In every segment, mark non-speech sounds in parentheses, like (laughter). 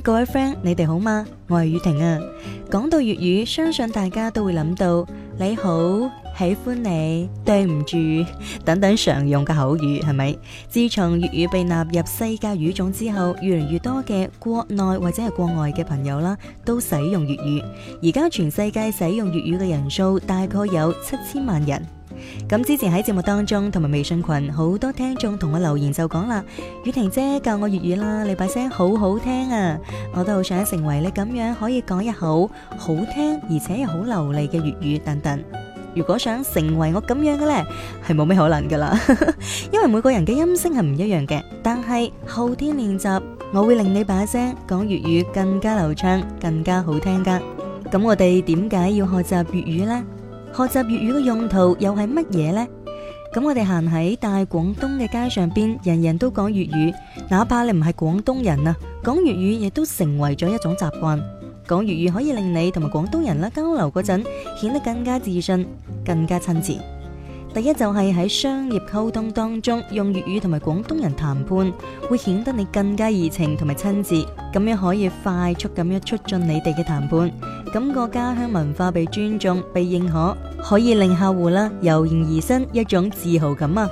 各位 friend，你哋好嗎？我係宇婷啊。講到粵語，相信大家都會諗到你好、喜歡你、對唔住等等常用嘅口語，係咪？自從粵語被納入世界語種之後，越嚟越多嘅國內或者係國外嘅朋友啦，都使用粵語。而家全世界使用粵語嘅人數大概有七千萬人。咁之前喺節目當中同埋微信群，好多聽眾同我留言就講啦，宇婷姐教我粵語啦，你把聲好好聽啊，我都好想成為你咁樣，可以講一口好聽而且又好流利嘅粵語等等。如果想成為我咁樣嘅呢，係冇咩可能噶啦， (laughs) 因為每個人嘅音聲係唔一樣嘅。但係後天練習，我會令你把聲講粵語更加流暢，更加好聽噶。咁我哋點解要學習粵語呢？學習粵語嘅用途又係乜嘢呢？咁我哋行喺大廣東嘅街上邊，人人都講粵語，哪怕你唔係廣東人啊，講粵語亦都成為咗一種習慣。講粵語可以令你同埋廣東人啦交流嗰陣，顯得更加自信、更加親切。第一就係喺商業溝通當中，用粵語同埋廣東人談判，會顯得你更加熱情同埋親切，咁樣可以快速咁樣促進你哋嘅談判，感覺家鄉文化被尊重、被認可。可以令客戶啦油然而生一種自豪感啊！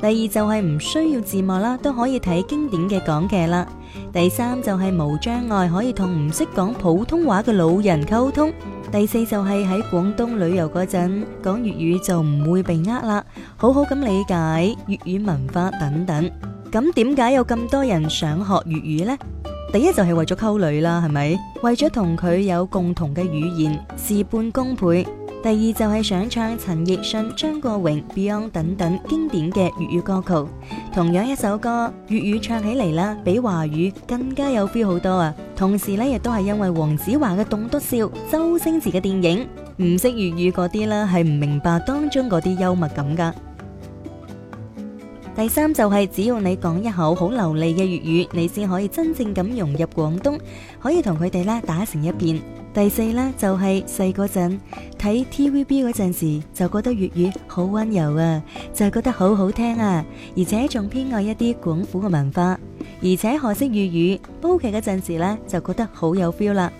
第二就係唔需要字幕啦，都可以睇經典嘅港劇啦。第三就係無障礙可以同唔識講普通話嘅老人溝通。第四就係喺廣東旅遊嗰陣講粵語就唔會被呃啦，好好咁理解粵語文化等等。咁點解有咁多人想學粵語呢？第一就係為咗溝女啦，係咪？為咗同佢有共同嘅語言，事半功倍。第二就係想唱陳奕迅、張國榮、Beyond 等等經典嘅粵語歌曲，同樣一首歌，粵語唱起嚟啦，比華語更加有 feel 好多啊！同時咧，亦都係因為黃子華嘅棟篤笑、周星馳嘅電影，唔識粵語嗰啲啦，係唔明白當中嗰啲幽默感噶。第三就係只要你講一口好流利嘅粵語，你先可以真正咁融入廣東，可以同佢哋咧打成一片。第四呢，就係細嗰陣睇 TVB 嗰陣時就覺得粵語好溫柔啊，就係覺得好好聽啊，而且仲偏愛一啲廣府嘅文化，而且學識粵語煲劇嗰陣時呢，就覺得好有 feel 啦。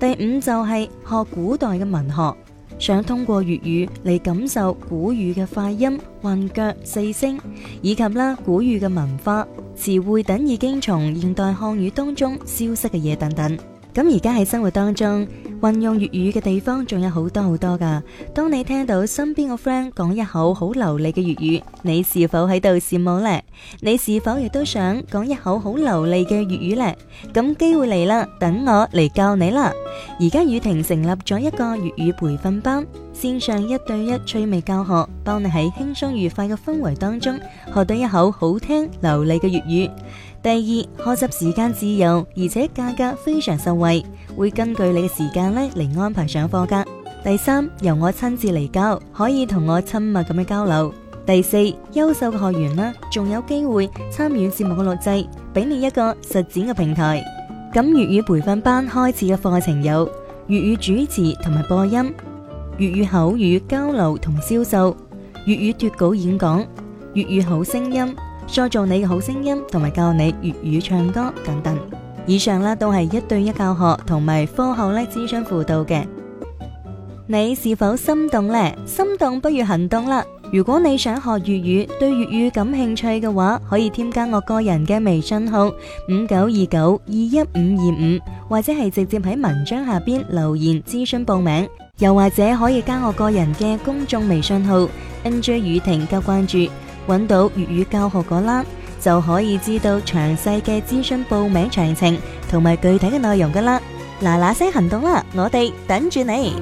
第五就係學古代嘅文學，想通過粵語嚟感受古語嘅快音、韻腳、四聲，以及啦古語嘅文化、詞彙等已經從現代漢語當中消失嘅嘢等等。咁而家喺生活當中運用粵語嘅地方仲有好多好多噶。當你聽到身邊個 friend 講一口好流利嘅粵語，你是否喺度羨慕呢？你是否亦都想講一口好流利嘅粵語呢？咁機會嚟啦，等我嚟教你啦。而家宇婷成立咗一個粵語培訓班。線上一對一趣味教學，幫你喺輕鬆愉快嘅氛圍當中，學到一口好聽流利嘅粵語。第二，學習時間自由，而且價格非常實惠，會根據你嘅時間呢嚟安排上課噶。第三，由我親自嚟教，可以同我親密咁樣交流。第四，優秀嘅學員啦，仲有機會參與節目嘅錄製，俾你一個實踐嘅平台。咁粵語培訓班開始嘅課程有粵語主持同埋播音。粵語口語交流、同銷售，粵語脫稿演講，粵語好聲音，塑造你嘅好聲音，同埋教你粵語唱歌等等。以上呢都係一對一教學同埋課後呢諮詢輔導嘅。你是否心動呢？心動不如行動啦！如果你想學粵語，對粵語感興趣嘅話，可以添加我個人嘅微信號五九二九二一五二五，25，或者係直接喺文章下邊留言諮詢報名。又或者可以加我個人嘅公眾微信號 n j 宇婷，加關注，揾到粵語教學嗰欄，就可以知道詳細嘅資訊、報名詳情同埋具體嘅內容噶啦。嗱嗱聲行動啦，我哋等住你。